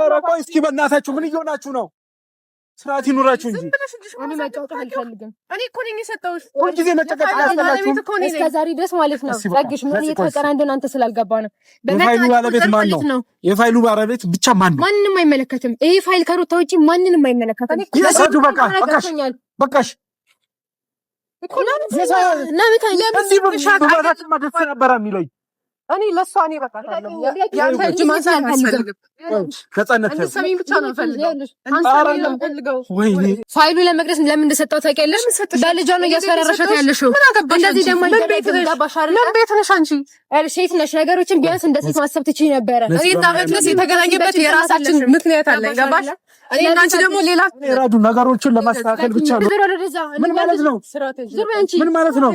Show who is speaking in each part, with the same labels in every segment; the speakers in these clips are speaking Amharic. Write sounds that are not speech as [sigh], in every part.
Speaker 1: ኧረ ቆይ እስኪ በእናታችሁ ምን እየሆናችሁ ነው? ስርዓት ይኑራችሁ እንጂ እኔ መጫወት ማለት ነው የፋይሉ ባለቤት ብቻ ማን ነው?
Speaker 2: ማንንም አይመለከትም። ይሄ ፋይል ከሩታ ውጪ ማንንም አይመለከትም።
Speaker 1: በቃ በቃሽ፣ በቃሽ
Speaker 3: እኮ ነው ነው ለምን ለምን ለምን
Speaker 1: ለምን ለምን ለምን ለምን
Speaker 3: እኔ ለእሷ እኔ በቃ ያንተ እጅ ማንሳት አልፈልግም።
Speaker 2: ፋይሉ ለመቅደስ ለምን እንደሰጠው ታውቂያለሽ? በልጇ ነው እያስፈራራሻት ያለሽው።
Speaker 3: እንደዚህ ደግሞ ቤት ነሽ አንቺ
Speaker 2: ሴት ነሽ። ነገሮችን ቢያንስ እንደ ሴት ማሰብ ትችይ ነበረ።
Speaker 3: እኔና መቅደስ የተገናኘበት የራሳችን ምክንያት አለ። ገባሽ? እኔና አንቺ ደግሞ ሌላ
Speaker 1: ነገሮችን ለማስተካከል ብቻ ነው። ምን ማለት ነው? ምን ማለት ነው?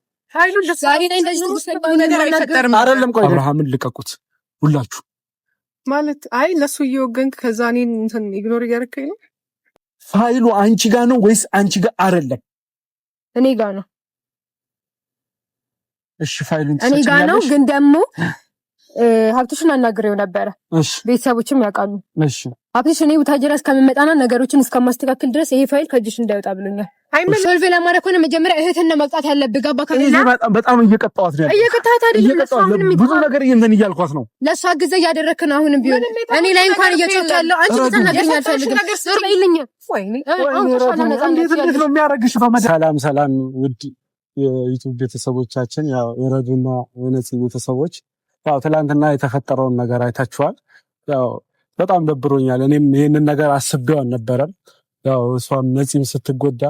Speaker 2: አብርሃምን ልቀቁት ሁላችሁ ማለት አይ ለሱ እየወገንክ ከዛ እኔን እንትን ኢግኖር እያደረከኝ ነው። ፋይሉ አንቺ ጋ ነው ወይስ አንቺ ጋ አይደለም? እኔ ጋ ነው። እሺ ፋይሉን እኔ ጋ ነው፣ ግን ደግሞ [gasps] ሀብትሽን አናግሬው ነበረ። ቤተሰቦችም ያውቃሉ። ሀብትሽ እኔ እስከምመጣና ነገሮችን እስከማስተካከል ድረስ ይሄ ፋይል ከእጅሽ እንዳይወጣ ብሎኛል። ሶልቭ ለማድረግ ሆነ መጀመሪያ እህትና መቅጣት ያለብህ ጋባ። ከሌላ በጣም እየቀጣኋት ነው እየቀጣት አይደለም ብዙ ነገር እንትን እያልኳት ነው። ለእሷ ጊዜ እያደረክ ነው። አሁንም ቢሆን እኔ ላይ እንኳን እየጮህ ያለው አንቺ ብትናገሪኝ አልፈልግም። ሰላም ሰላም፣ ውድ የዩቱብ ቤተሰቦቻችን፣ ያው ረዱና እውነት ቤተሰቦች፣ ያው ትላንትና የተፈጠረውን ነገር አይታችኋል። ያው በጣም ደብሮኛል። እኔም ይህንን ነገር አስቤው አልነበረም። ያው እሷም ነፂም ስትጎዳ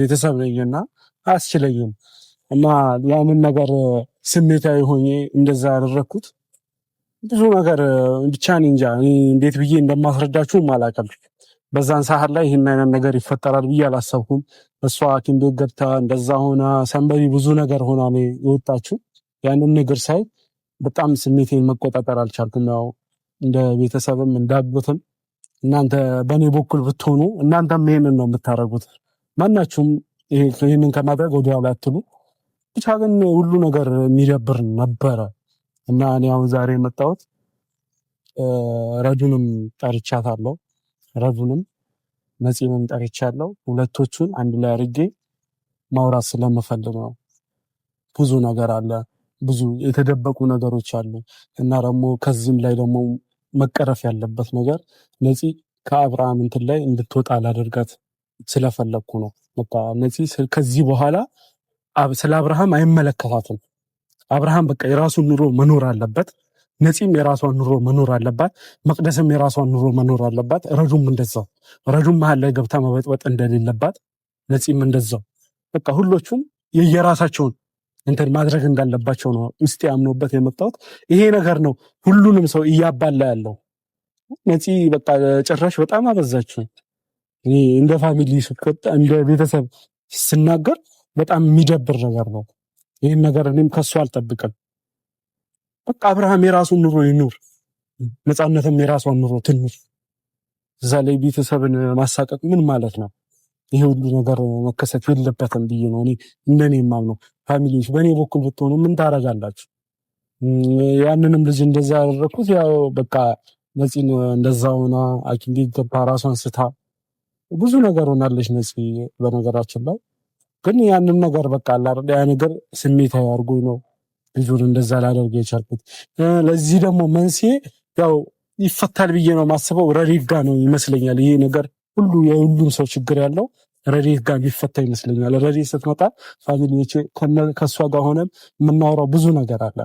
Speaker 2: ቤተሰብ ነኝና አያስችለኝም እና ያንን ነገር ስሜታዊ ሆኜ እንደዛ ያደረግኩት ብዙ ነገር ብቻ እንጃ እንዴት ብዬ እንደማስረዳችሁም አላውቅም። በዛን ሰዓት ላይ ይህን አይነት ነገር ይፈጠራል ብዬ አላሰብኩም። እሷ ሐኪም ቤት ገብታ እንደዛ ሆና ሰንበሪ ብዙ ነገር ሆና የወጣችው ያንን ነገር ሳይ በጣም ስሜቴን መቆጣጠር አልቻልኩም። ያው እንደ ቤተሰብም እንዳጎትም እናንተ በእኔ በኩል ብትሆኑ እናንተም ይሄንን ነው የምታደርጉት። ማናችሁም ይህንን ከማድረግ ወደ ላይ አትሉ። ብቻ ግን ሁሉ ነገር የሚደብር ነበረ እና እኔ አሁን ዛሬ የመጣሁት ረዱንም ጠርቻታለሁ። ረዱንም መጺንም ጠርቻለሁ። ሁለቶቹን አንድ ላይ አድርጌ ማውራት ስለምፈልግ ነው። ብዙ ነገር አለ፣ ብዙ የተደበቁ ነገሮች አሉ እና ደግሞ ከዚህም ላይ ደግሞ መቀረፍ ያለበት ነገር ነጺ ከአብርሃም እንትን ላይ እንድትወጣ አላደርጋት ስለፈለግኩ ነው። በቃ እነዚህ ከዚህ በኋላ ስለ አብርሃም አይመለከታትም። አብርሃም በቃ የራሱን ኑሮ መኖር አለበት። ነፂም የራሷን ኑሮ መኖር አለባት። መቅደስም የራሷን ኑሮ መኖር አለባት። ረዱም እንደዛው። ረዱም መሀል ላይ ገብታ መበጥበጥ እንደሌለባት፣ ነፂም እንደዛው። በቃ ሁሎቹም የየራሳቸውን እንትን ማድረግ እንዳለባቸው ነው ውስጥ አምኖበት የመጣሁት። ይሄ ነገር ነው ሁሉንም ሰው እያባላ ያለው። ነፂ በቃ ጭራሽ በጣም አበዛችው። እንደ ፋሚሊ እንደ ቤተሰብ ስናገር በጣም የሚደብር ነገር ነው። ይህን ነገር እኔም ከሱ አልጠብቅም። በቃ አብርሃም የራሱን ኑሮ ይኑር፣ ነፃነትም የራሷን ኑሮ ትኑር። እዛ ላይ ቤተሰብን ማሳቀቅ ምን ማለት ነው? ይሄ ሁሉ ነገር መከሰት የለበትም ብዬ ነው እኔ እንደኔ የማምነው። ፋሚሊዎች በእኔ በኩል ብትሆኑ ምን ታደርጋላችሁ? ያንንም ልጅ እንደዛ ያደረግኩት ያው በቃ ነፂን እንደዛ ሆና ሐኪም ቤት ገባ ራሷን ስታ ብዙ ነገር ሆናለች ነፂ። በነገራችን ላይ ግን ያንን ነገር በቃ አላረዳ ያ ነገር ስሜታዊ አድርጎኝ ነው ልጁን እንደዛ ላደርግ የቻልኩት። ለዚህ ደግሞ መንስኤ ያው ይፈታል ብዬ ነው ማስበው ረዴት ጋ ነው ይመስለኛል። ይሄ ነገር ሁሉ የሁሉም ሰው ችግር ያለው ረዴት ጋ ቢፈታ ይመስለኛል። ረዴት ስትመጣ ፋሚሊዎቼ ከእሷ ጋር ሆነን የምናወራው ብዙ ነገር አለ።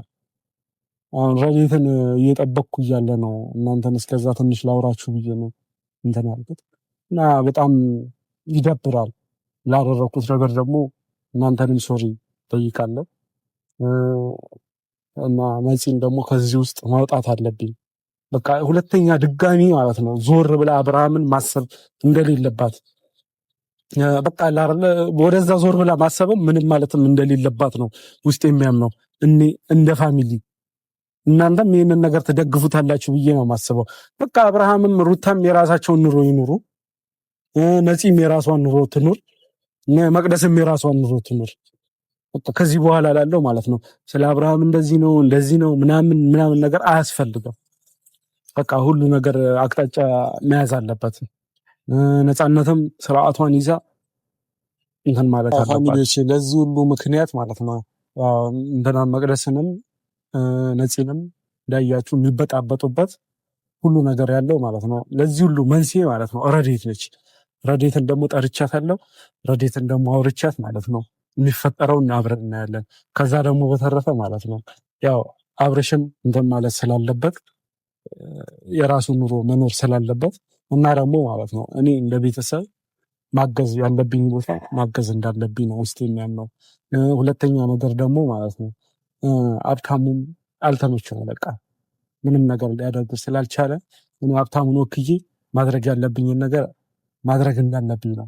Speaker 2: አሁን ረዲትን እየጠበቅኩ እያለ ነው እናንተን እስከዛ ትንሽ ላውራችሁ ብዬ ነው እንትን ያልኩት። እና በጣም ይደብራል። ላደረኩት ነገር ደግሞ እናንተንም ሶሪ ጠይቃለሁ እና መጺን ደግሞ ከዚህ ውስጥ ማውጣት አለብኝ። በቃ ሁለተኛ ድጋሚ ማለት ነው ዞር ብላ አብርሃምን ማሰብ እንደሌለባት በቃ ወደዛ ዞር ብላ ማሰብም ምንም ማለትም እንደሌለባት ነው ውስጥ የሚያምነው እኔ እንደ ፋሚሊ እናንተም ይህንን ነገር ትደግፉታላችሁ ብዬ ነው የማስበው። በቃ አብርሃምም ሩታም የራሳቸውን ኑሮ ይኑሩ። ነፂም የራሷን ኑሮ ትኑር፣ መቅደስም የራሷን ኑሮ ትኑር። ከዚህ በኋላ ላለው ማለት ነው ስለ አብርሃም እንደዚህ ነው እንደዚህ ነው ምናምን ምናምን ነገር አያስፈልግም። በቃ ሁሉ ነገር አቅጣጫ መያዝ አለበት። ነፃነትም ስርዓቷን ይዛ እንትን ማለት አለባት። ለዚህ ሁሉ ምክንያት ማለት ነው እንትና መቅደስንም ነፂንም እንዳያችሁ የሚበጣበጡበት ሁሉ ነገር ያለው ማለት ነው ለዚህ ሁሉ መንስኤ ማለት ነው ረዴት ነች። ረዴትን ደግሞ ጠርቻት አለው ረዴትን ደግሞ አውርቻት ማለት ነው የሚፈጠረው አብረን እናያለን። ከዛ ደግሞ በተረፈ ማለት ነው ያው አብርሽም እንትን ማለት ስላለበት የራሱ ኑሮ መኖር ስላለበት እና ደግሞ ማለት ነው እኔ እንደ ቤተሰብ ማገዝ ያለብኝ ቦታ ማገዝ እንዳለብኝ ነው ውስጥ የሚያምነው። ሁለተኛ ነገር ደግሞ ማለት ነው ሀብታሙም ነው በቃ ምንም ነገር ሊያደርግ ስላልቻለ እኔ ሀብታሙን ወክዬ ማድረግ ያለብኝን ነገር ማድረግ እንዳለብኝ ነው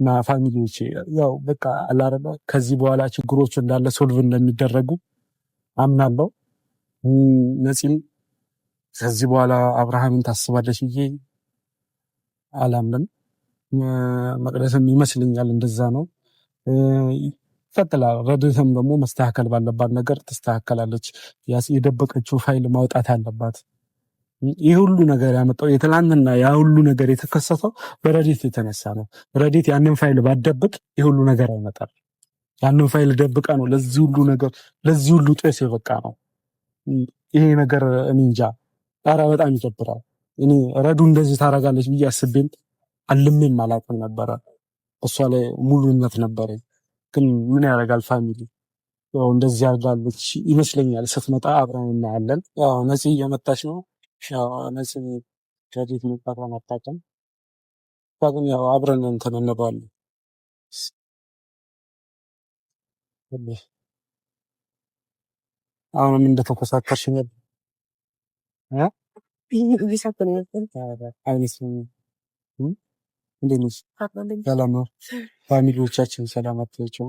Speaker 2: እና ፋሚሊዎች ያው በቃ አላረባ ከዚህ በኋላ ችግሮቹ እንዳለ ሶልቭ እንደሚደረጉ አምናለው። ነፂም ከዚህ በኋላ አብርሃምን ታስባለች ብዬ አላምንም። መቅደስም ይመስልኛል እንደዛ ነው ይቀጥላል። ረድትም ደግሞ መስተካከል ባለባት ነገር ትስተካከላለች። የደበቀችው ፋይል ማውጣት አለባት። ይህ ሁሉ ነገር ያመጣው የትላንትና ያ ሁሉ ነገር የተከሰተው በረዲት የተነሳ ነው። ረዲት ያንን ፋይል ባደብቅ ይህ ሁሉ ነገር አይመጣም። ያንን ፋይል ደብቀ ነው ለዚህ ሁሉ ነገር ለዚህ ሁሉ ጤስ የበቃ ነው። ይሄ ነገር እኔ እንጃ። ኧረ በጣም ይደብራል። እኔ ረዱ እንደዚህ ታደርጋለች ብዬ አስቤም አልሜም አላውቅም ነበረ። እሷ ላይ ሙሉነት ነበረኝ። ግን ምን ያደርጋል ፋሚሊ እንደዚህ ያርጋለች ይመስለኛል። ስትመጣ አብረን እናያለን። ነፂ እየመጣች ነው እነዚህ ጀዲድ የሚባለው አናጣጥም ግን ያው አብረን እንትን እንባለን። ሁሌ አሁንም እንደተኮሳተርሽ ነበር እ እየሳቅን ነበር። አይነት እም እንዴት ነሽ? ሰላም ነው? ፋሚሊዎቻችን ሰላም አትያቸው?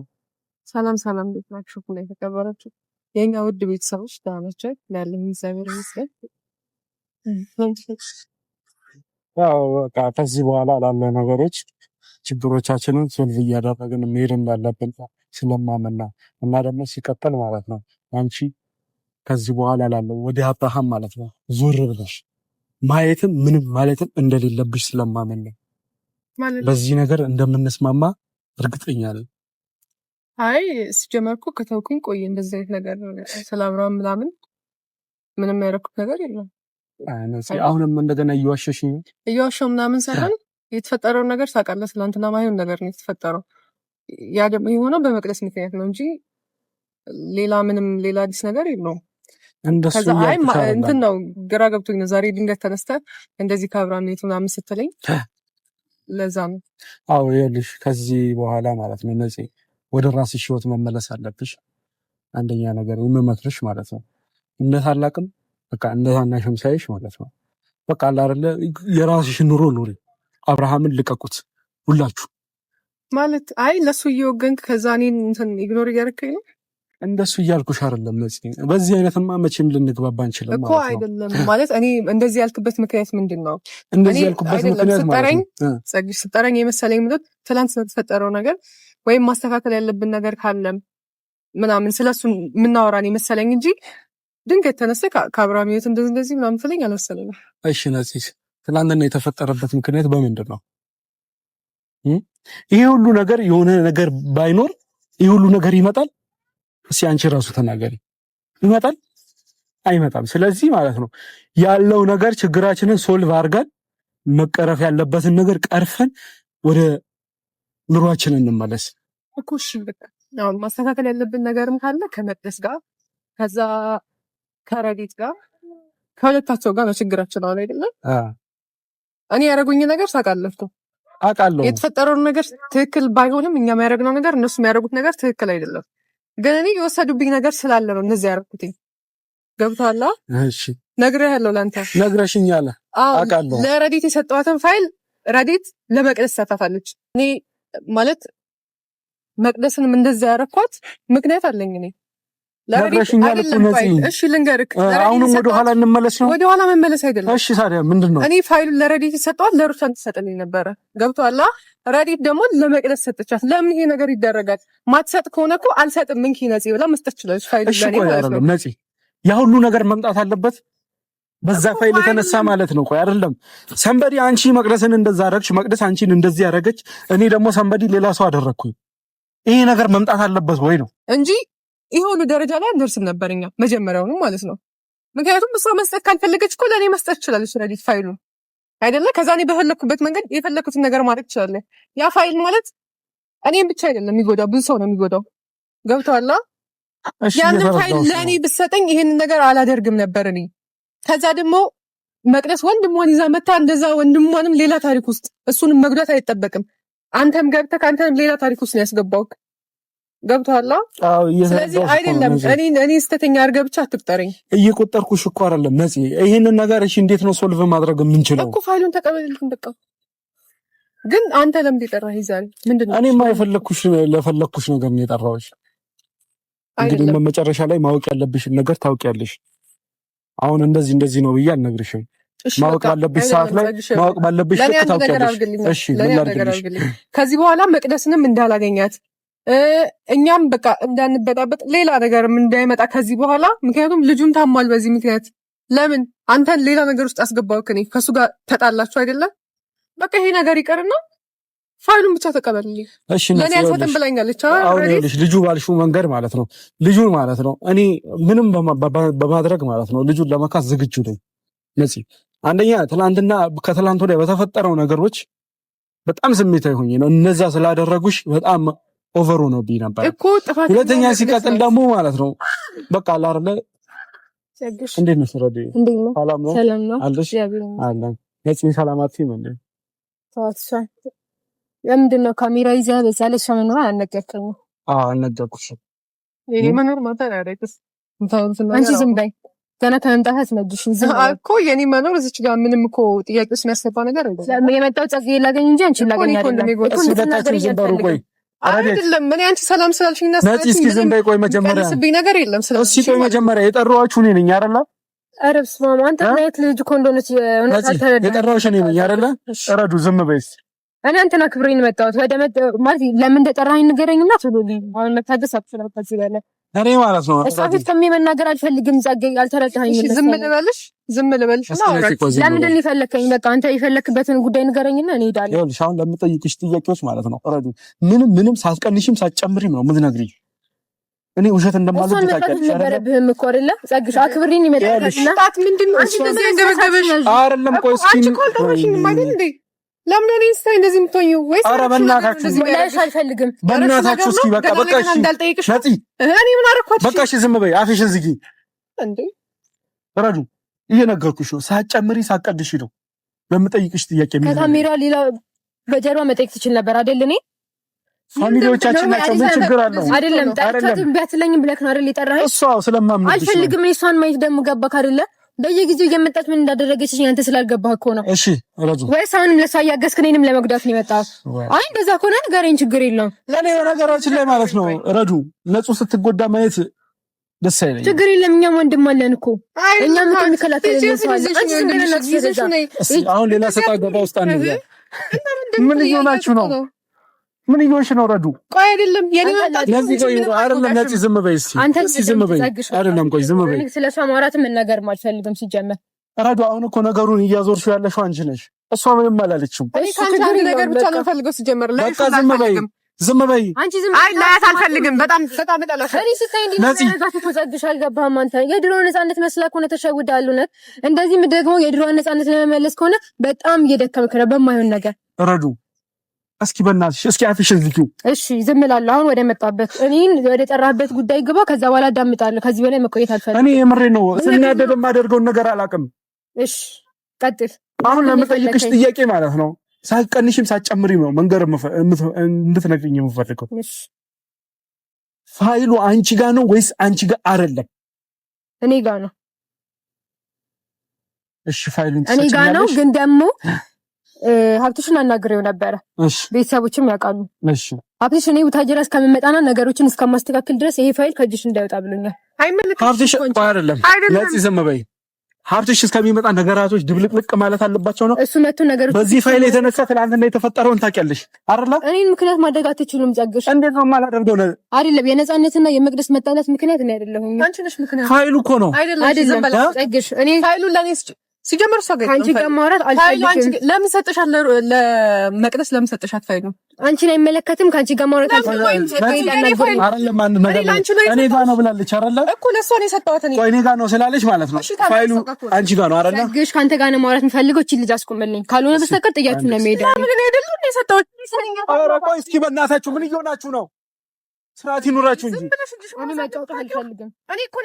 Speaker 2: ሰላም ሰላም፣ እንዴት ናችሁ? የተከበራችሁ የእኛ ውድ ቤተሰቦች ደህና ናቸው? ያለን እግዚአብሔር ይመስገን። ያው በቃ ከዚህ በኋላ ላለ ነገሮች ችግሮቻችንን ሶልቭ እያደረግን መሄድ እንዳለብን ስለማመና እና ደግሞ ሲቀጥል ማለት ነው አንቺ ከዚህ በኋላ ላለው ወደ አብርሃም ማለት ነው ዞር ብለሽ ማየትም ምንም ማለትም እንደሌለብሽ ስለማመን ነው። በዚህ ነገር እንደምንስማማ እርግጠኛ ነኝ። አይ ስጀመርኩ ከተውኩኝ ቆይ እንደዚህ አይነት ነገር ስለ አብርሃም ምናምን ምንም ያደረኩት ነገር የለም። አሁንም እንደገና እየዋሸሽኝ እየዋሸው ምናምን ሳይሆን የተፈጠረውን ነገር ታውቃለህ። ትናንትና ማይሆን ነገር ነው የተፈጠረው። ያ ደግሞ የሆነው በመቅደስ ምክንያት ነው እንጂ ሌላ ምንም ሌላ አዲስ ነገር የለውም። እንትን ነው ግራ ገብቶኝ ነው ዛሬ ድንገት ተነስተ እንደዚህ ከአብራኔቱ ምናምን ስትለኝ ለዛ ነው። አዎ ይኸውልሽ፣ ከዚህ በኋላ ማለት ነው ነፂ፣ ወደ ራስሽ ህይወት መመለስ አለብሽ። አንደኛ ነገር የምመክርሽ ማለት ነው እንደ ታላቅም በቃ እንደ ታናሽም ሳይሽ ማለት ነው። በቃ አላረለ የራስሽን ኑሮ ኑሪ። አብርሃምን ልቀቁት ሁላችሁ ማለት አይ ለሱ እየወገንክ ከዛ እኔን እንትን ኢግኖር እያደረከኝ ነው። እንደሱ እያልኩሽ አይደለም መጽ በዚህ አይነትማ መቼም ልንግባባ እንችልም እኮ አይደለም። ማለት እኔ እንደዚህ ያልክበት ምክንያት ምንድን ነው? እንደዚህ ያልኩበት ምክንያት ስጠረኝ ስጠረኝ የመሰለኝ ትላንት ስለተፈጠረው ነገር ወይም ማስተካከል ያለብን ነገር ካለም ምናምን ስለሱ የምናወራን የመሰለኝ እንጂ ድንገት ተነስተ ከአብርሃም ህይወት እንደዚህ እንደዚህ ምናምን ትለኝ አልመሰለኝም። እሺ ነፂስ፣ ትናንትና የተፈጠረበት ምክንያት በምንድን ነው? ይሄ ሁሉ ነገር የሆነ ነገር ባይኖር ይሄ ሁሉ ነገር ይመጣል? እስኪ አንቺ ራሱ ተናገሪ። ይመጣል አይመጣም? ስለዚህ ማለት ነው ያለው ነገር ችግራችንን ሶልቭ አድርገን መቀረፍ ያለበትን ነገር ቀርፈን ወደ ኑሯችን እንመለስ እኮ። እሺ በቃ ማስተካከል ያለብን ነገርም ካለ ከመቅደስ ጋር ከዛ ከረዲት ጋር ከሁለታቸው ጋር በችግራችን አሁን አይደለም። እኔ ያደረጉኝ ነገር ታውቃለህ አቃለሁ። የተፈጠረውን ነገር ትክክል ባይሆንም እኛ የሚያደረግነው ነገር እነሱ የሚያደረጉት ነገር ትክክል አይደለም። ግን እኔ የወሰዱብኝ ነገር ስላለ ነው እነዚህ ያደረኩትኝ። ገብቶሃል? እሺ ነግሬሃለሁ። ለአንተ ነግረሽኛል። አውቃለሁ። ለረዲት የሰጠኋትን ፋይል ረዲት ለመቅደስ ሰጣታለች። እኔ ማለት መቅደስንም እንደዚያ ያደረኳት ምክንያት አለኝ እኔ ደረሽኛል እኮ ነፂ። እሺ ልንገርክ፣ አሁንም ወደ እንመለስ ነው። መመለስ አይደለም። እሺ ታዲያ ምንድን ነው? እኔ ፋይሉን ለረዲት ይሰጠዋል፣ ለሩታን ትሰጥልኝ ነበረ። ረዲት ደግሞ ለመቅደስ ሰጥቻት። ለምን ይሄ ነገር ይደረጋል? ማትሰጥ ከሆነ እኮ አልሰጥም፣ ምንኪ ነፂ ብላ መስጠት ፋይሉ ነፂ፣ ያ ሁሉ ነገር መምጣት አለበት በዛ ፋይል የተነሳ ማለት ነው። ቆይ አይደለም ሰንበዲ፣ አንቺ መቅደስን እንደዛ አደረግሽ፣ መቅደስ አንቺን እንደዚህ ያደረገች፣ እኔ ደግሞ ሰንበዲ ሌላ ሰው አደረግኩኝ። ይሄ ነገር መምጣት አለበት ወይ ነው እንጂ የሆኑ ደረጃ ላይ አንደርስም ነበር እኛ መጀመሪያውኑ ማለት ነው። ምክንያቱም እሷ መስጠት ካልፈለገች እኮ ለእኔ መስጠት ትችላለች። ረዲት ፋይሉ አይደለ? ከዛ እኔ በፈለግኩበት መንገድ የፈለግኩትን ነገር ማድረግ ትችላለህ። ያ ፋይል ማለት እኔም ብቻ አይደለም የሚጎዳው፣ ብዙ ሰው ነው የሚጎዳው። ገብቶሃል? ያንን ፋይል ለእኔ ብሰጠኝ ይሄንን ነገር አላደርግም ነበር እኔ። ከዛ ደግሞ መቅደስ ወንድሟን ይዛ መታ እንደዛ ወንድሟንም ሌላ ታሪክ ውስጥ እሱንም መጉዳት አይጠበቅም። አንተም ገብተህ ከአንተም ሌላ ታሪክ ውስጥ ነው ያስገባውክ ገብቷላ ስለዚህ አይደለም እኔ እኔ ስተተኛ አድርገህ ብቻ አትቁጠረኝ። እየቆጠርኩሽ እኮ አይደለም ነፂ። ይሄንን ነገር እሺ፣ እንዴት ነው ሶልቭ ማድረግ የምንችለው እኮ? ፋይሉን ተቀበልልኝ በቃ። ግን አንተ ለምን የጠራህ ይዛል? ምንድነው ነው? እኔማ የፈለግኩሽ ለፈለግኩሽ ነገር ነው የጠራሁሽ። እንግዲህ መጨረሻ ላይ ማወቅ ያለብሽን ነገር ታውቂያለሽ። አሁን እንደዚህ እንደዚህ ነው ብዬ አልነግርሽም። ማወቅ ባለብሽ ሰዓት ላይ ማወቅ ባለብሽ ታውቂያለሽ። እሺ፣ ምን ላድርግልሽ? ከዚህ በኋላ መቅደስንም እንዳላገኛት እኛም በቃ እንዳንበጣበጥ ሌላ ነገርም እንዳይመጣ ከዚህ በኋላ ምክንያቱም ልጁም ታሟል። በዚህ ምክንያት ለምን አንተን ሌላ ነገር ውስጥ አስገባው? ከኔ ከእሱ ጋር ተጣላችሁ አይደለም? በቃ ይሄ ነገር ይቀርና ፋይሉን ብቻ ተቀበልልኝ። ለእኔ አልሰጥም ብላኛለች። ልጁ ባልሽው መንገድ ማለት ነው ልጁ ማለት ነው እኔ ምንም በማድረግ ማለት ነው ልጁን ለመካስ ዝግጁ ነኝ። መጽ አንደኛ ትላንትና ከትላንት ወዲያ በተፈጠረው ነገሮች በጣም ስሜታዊ ሆኜ ነው እነዛ ስላደረጉሽ በጣም ኦቨሩ ነው ቢ ነበር እኮ ጥፋት። ሁለተኛ ሲቀጥል ደግሞ ማለት ነው በቃ አላርለ እንዴት ነው ስረዱ? ነው ሰላም ነው አለሽ አለን ነፂን ሰላማት ሲመን ታዋትሻ ለምንድን ነው ካሜራ ይዛ በዛ ለሽ መኖር አልነገርከኝ? አዎ አልነገርኩሽም። ይሄ መኖር ማታና አይደክስ አንቺ ዝም በይ ገና ከመምጣት አትነግሽ እኮ የኔ መኖር እዚች ጋር ምንም እኮ ጥያቄ ውስጥ የሚያስገባ ነገር የመጣው ጸጋ ላገኝ እንጂ አንቺ ላገኝ አይደለም። አይደለም እኔ አንቺ ሰላም ስላልሽኝና እና ነፂ፣ እስኪ ዝም በይ ቆይ። መጀመሪያ ስብኝ ነገር የለም ስለዚህ እሺ፣ ቆይ መጀመሪያ የጠራኋችሁ እኔ ነኝ አይደለ? ኧረ በስመ አብ አንተ ናይት ልጅ እኮ እንደሆነች እውነት አልተረዳሁም። የጠራሁሽ እኔ ነኝ አይደለ? እረዱ፣ ዝም በይስ። እኔ አንተና ክብሬን መጣሁት ወደ ማለት ለምን እንደጠራኸኝ ንገረኝና ቶሎ ልኝ። አሁን መታገስ አትችልም ከዚህ በላይ እኔ ማለት ነው እሷ ፊት ከሜ መናገር አልፈልግም። ጸገኝ አልተረዳኸኝ። ዝም ልበልሽ? ዝም ልበልሽ? ለምንድን የፈለከኝ? በቃ አንተ የፈለክበትን ጉዳይ ንገረኝና እኔ እሄዳለሁ። ይኸውልሽ አሁን ለምጠይቅሽ ጥያቄዎች ማለት ነው ረዱ፣ ምንም ምንም ሳትቀንሽም ሳትጨምሪም ነው የምትነግሪኝ። እኔ ውሸት እንደማለት ታውቂያለሽ ነበረብህም እኮ አይደለ? ጸግሽ አክብሪን ይመጣልና ጣት ምንድን ነው አንቺ እንደዚህ እንደበዘበሽ አይደለም። ቆይ እስኪ አንቺ ኮልተሽኝ ማለት እንዴ ለምን እኔ ስታይ እንደዚህ የምትሆኚ? ወይስ አረ በእናታችሁ ላይሽ አልፈልግም። በእናታችሁ እስኪ በቃ በቃ እሺ፣ እንዳልጠይቅሽ ነፂ፣ እኔ ምን አደረኳት? በቃ እሺ፣ ዝም በይ፣ አፍሽን ዝጊ። እንዴ ረጁ፣ እየነገርኩሽ ነው። ሳጨምሪ ሳቀድሽ ነው በምጠይቅሽ ጥያቄ። ከካሜራ ሌላ በጀርባ መጠየቅ ትችል ነበር አይደል? እኔ ፋሚሊዎቻችን ናቸው። ምን ችግር አለው? አይደለም ጠርተት ቢያትለኝም ብለክ ነው አይደል የጠራኸኝ? እሷ ስለማምንሽ አልፈልግም። እኔ እሷን ማየት ደግሞ ገባክ አይደለ? በየጊዜው እየመጣች ምን እንዳደረገች አንተ ስላልገባህ እኮ ነው። እሺ ወይስ አሁንም ለሷ እያገዝክ እኔንም ለመጉዳት ነው የመጣህ? አይ እንደዛ ከሆነ ንገረኝ፣ ችግር የለውም። ለእኔ በነገራችን ላይ ማለት ነው ረዱ ነጹ ስትጎዳ ማየት ደስ አይለኝ። ችግር የለም እኛም ወንድም አለን እኮ እኛም ከሚከላከል አሁን ሌላ ሰጣ ገባ ውስጥ ምን እየሆናችሁ ነው? ምን እየሆንሽ ነው? ረዱ ቆይ፣ አይደለም የኔ መምጣት ለዚህ ዝም በይ እስኪ፣ ዝም በይ። አይደለም ቆይ፣ ዝም በይ። ስለ እሷ ማውራት አልፈልግም ሲጀመር። ረዱ፣ አሁን እኮ ነገሩን እያዞርሽው ያለሽው አንቺ ነሽ። እሷ ምንም አላለችም። በቃ ዝም በይ ዝም በይ። አይ ላያት አልፈልግም። በጣም በጣም እኔ ስታይ አልገባህም አንተ። ነፃነት መስላ ከሆነ ተሸውዳሉ እንደዚህም ደግሞ የድሮ ነፃነት ለመመለስ ከሆነ በጣም እየደከምክ ነው በማይሆን ነገር ረዱ እስኪ በእናትሽ እስኪ አፍሽን ዝጊው። እሺ ዝም እላለሁ። አሁን ወደ መጣበት እኔን ወደ ጠራበት ጉዳይ ግባ። ከዛ በኋላ አዳምጣለሁ። ከዚህ በላይ መቆየት አልፈልግም። እኔ የምሬ ነው። ስናደድ የማደርገውን ነገር አላውቅም። እሺ ቀጥል። አሁን ለምጠይቅሽ ጥያቄ ማለት ነው ሳቀንሽም ሳጨምሪ ነው መንገር እንድትነግሪኝ የምፈልገው። ፋይሉ አንቺ ጋ ነው ወይስ አንቺ ጋ አይደለም? እኔ ጋ ነው። እሺ ፋይሉን እኔ ጋ ነው ግን ደግሞ ሀብትሽን አናግሬው ነበረ። ቤተሰቦችም ያውቃሉ። ሀብትሽ እኔ ቡታጀራ እስከምመጣና ነገሮችን እስከማስተካከል ድረስ ይሄ ፋይል ከእጅሽ እንዳይወጣ ብሎኛል። ሀብትሽ አይደለም ለዚህ ዝም በይ። ሀብትሽ እስከሚመጣ ነገራቶች ድብልቅልቅ ማለት አለባቸው ነው። እሱ መቶ ነገሮች በዚህ ፋይል የተነሳ ትላንትና የተፈጠረውን ታውቂያለሽ አይደለ? እኔን ምክንያት ማድረግ አትችሉም። ጸግሽ እንዴት ነው የማላደርገው አይደለም። የነፃነትና የመቅደስ መጣላት ምክንያት እኔ አይደለሁም። ፋይሉ እኮ ነው አይደለም። ጸግሽ እኔ ፋይሉን ለእኔ ስጭ ሲጀምር እሷ ጋር አንቺ ጋር ማውራት አልፈልግም። ለምን ሰጠሻት? ለመቅደስ ለምን ሰጠሻት? ፋይሉ አንቺን አይመለከትም። ከአንቺ ጋር ማውራት እኔ ጋር ነው ብላለች እኮ ለእሷ ነው የሰጠኋት። እኔ እኔ ጋር ነው ስላለች ማለት ነው ፋይሉ አንቺ ጋር ነው አይደለ? ግሽ ከአንተ ጋር ነው ማውራት የምፈልገው። እቺ ልጅ አስቆመልኝ፣ ካልሆነ በስተቀር ጥያችሁ ነው የሚሄደው። ኧረ ቆይ እስኪ በእናታችሁ ምን እየሆናችሁ ነው? ስርዓት ይኑራችሁ እንጂ እኔ አልፈልግም።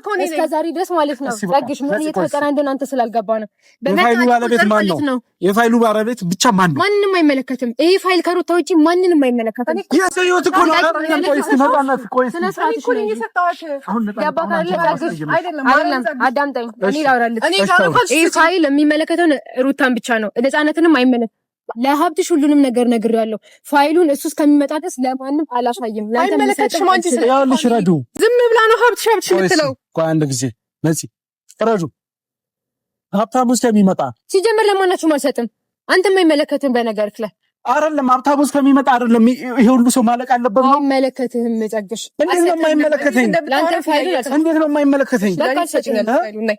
Speaker 2: እኮ ነኝ እስከ ዛሬ ድረስ ማለት ነው። ጸግሽ ምን እየተፈጠረ እንደሆነ አንተ ስላልገባ ነው። የፋይሉ ባለቤት ማን ነው? የፋይሉ ባለቤት ብቻ ማን ነው? ማንንም አይመለከትም። ይህ ፋይል ከሩታ ውጭ ማንንም አይመለከትም። የሰየሁት እኮ ነው። አዳምጠኝ፣ እኔ ላውራልህ። ይህ ፋይል የሚመለከተው ሩታን ብቻ ነው። ነፃነትንም አይመለከትም ለሀብትሽ ሁሉንም ነገር ነግሬዋለሁ። ፋይሉን እሱ እስከሚመጣ ድረስ ለማንም አላሳይም። አይመለከትሽም። አንቺ ስለያልሽ ረዱ ዝም ብላ ነው ሀብትሽ ሀብትሽ የምትለው። ቆይ አንድ ጊዜ ነፂ ረዱ ሀብታሙ እስከሚመጣ ሲጀምር ለማናችሁም አልሰጥም። አንተም አይመለከትም። በነገርክ ላይ አይደለም ሀብታሙ እስከሚመጣ አይደለም። ይሄ ሁሉ ሰው ማለቅ አለበት ነው። አይመለከትህም። ጸግሽ እንዴት ነው የማይመለከተኝ? ለአንተ ፋይሉን እንዴት ነው የማይመለከተኝ? በቃ ሰጭ ፋይሉን ናይ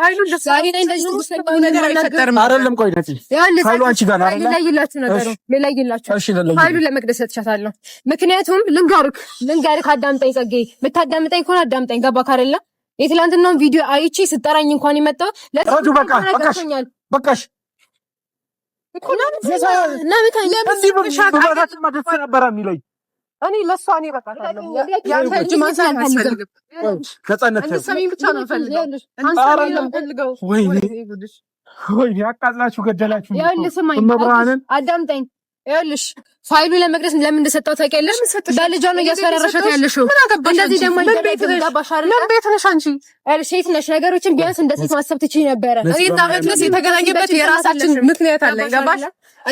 Speaker 2: ኃይሉ አይደለም ቆይ ነፂ አንቺ ጋር ነው ልለይላችሁ ልለይላችሁ። ለመቅደስ ምክንያቱም ልንገርክ ልንገርክ አዳምጠኝ የምታዳምጠኝ ከሆነ አዳምጠኝ። ገባክ አይደለ? የትላንትናውን ቪዲዮ አይቼ ስጠራኝ እንኳን የመጣው ለጥሩ በቃ በቃሽ በቃሽ እኮ ለምን ለምን ለምን እኔ ለእሷ እኔ በቃ ያንተ ብቻ ነው ወይኔ አቃጥላችሁ ገደላችሁ። ስማኝ፣ አዳምጠኝ ይኸውልሽ ፋይሉ ለመቅደስ ለምን እንደሰጠው ታውቂያለሽ? በልጇ ነው እያስፈራረሻት ያለሽው። እንደዚህ ደግሞ ምን ቤት ነሽ አንቺ? ሴት ነሽ፣ ነገሮችን ቢያንስ እንደ ሴት ማሰብ ትችይ ነበረ። እኔና መቅደስ የተገናኘበት የራሳችን ምክንያት አለ። ገባሽ?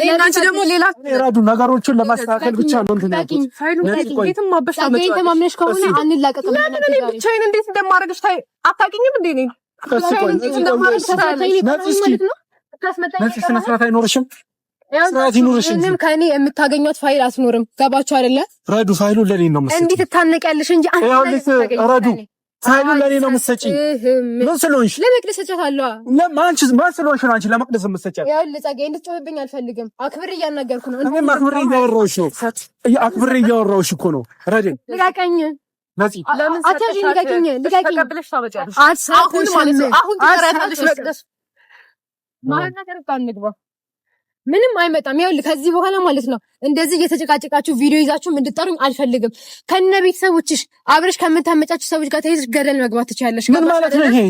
Speaker 2: እኔና አንቺ ደግሞ ሌላ ራዱ ነገሮችን ለማስተካከል ብቻ ነው እንትን ያልኩት። ቤትም ማበሻ ተማምነሽ ከሆነ አንላቀቅም። ለምን እኔ ብቻዬን እንዴት እንደማደርግሽ ታይ አታውቂኝም እንዴ? እኔ ብቻዬን እንዴት ነው። አይኖርሽም ስርዓት ይኑርሽ እንጂ ከእኔ የምታገኟት ፋይል አትኖርም። ገባችሁ አይደለ? ረዱ ፋይሉ ለኔ ነው የምትሰጪው። እንዴት ትታነቂያለሽ እንጂ ረዱ ፋይሉን ለኔ ነው የምትሰጪው። ምን ስለሆንሽ ለመቅደስ ሰጫታለሁ። ለማንቺ ማን ስለሆንሽ ነው አንቺ ለመቅደስ የምትሰጫት? ያው ለጸጋ እንድትጮህብኝ አልፈልግም። አክብሬ እያናገርኩ ነው። እኔም አክብሬ እያወራሁሽ ነው። አክብሬ እያወራሁሽ እኮ ነው። ረዱ ልቀቀኝ። ነፂ ለምን ልቀቀኝ፣ አሁን ማለት ነው። አሁን ትቀራታለሽ። ማን ነገር ጋር እንግባ ምንም አይመጣም። ይኸውልህ ከዚህ በኋላ ማለት ነው እንደዚህ እየተጨቃጨቃችሁ ቪዲዮ ይዛችሁ እንድጠሩኝ አልፈልግም። ከነ ቤተሰቦችሽ አብረሽ ከምታመጫችሁ ሰዎች ጋር ተይዘሽ ገደል መግባት ትችያለሽ። ምን ማለት ነው ይሄ?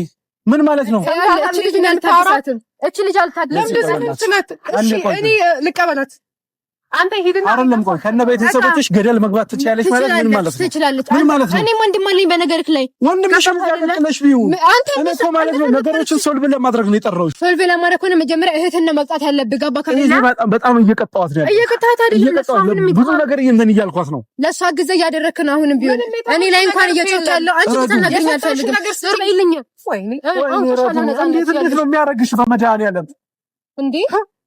Speaker 2: ምን ማለት ነው? እቺ ልጅ አልታደሳትም። እቺ ልጅ አልታደሳትም። እኔ ልቀበላት አንተ ሄድና አይደለም ቆይ፣ ከነ ቤተሰቦችሽ ገደል መግባት ትችላለች ማለት ምን ማለት ነው? ትችላለች። ምን ማለት ነው? እኔም ወንድም አለኝ። በነገርክ ላይ ወንድምሽም ጋር ተቀለሽ ቢዩ አንተ ምን ማለት ነው? ነገሮችን ሶልቭ ለማድረግ ነው የጠራሁሽ። ሶልቭ ለማድረግ ሆነ መጀመሪያ እህትና መቅጣት ያለብህ ገባ። ከሌላ በጣም እየቀጣዋት ነው። እየቀጣት አይደለም ብዙ ነገር እንትን እያልኳት ነው። ለሷ ጊዜ እያደረክ ነው። አሁንም ቢሆን እኔ ላይ እንኳን እየጨጫለሁ። አንቺ ተናገርኝ አልፈልግም። ዞር በይልኝ። ወይ ነው እንዴት ነው የሚያረግሽ? በመድኃኒዓለም እንዴ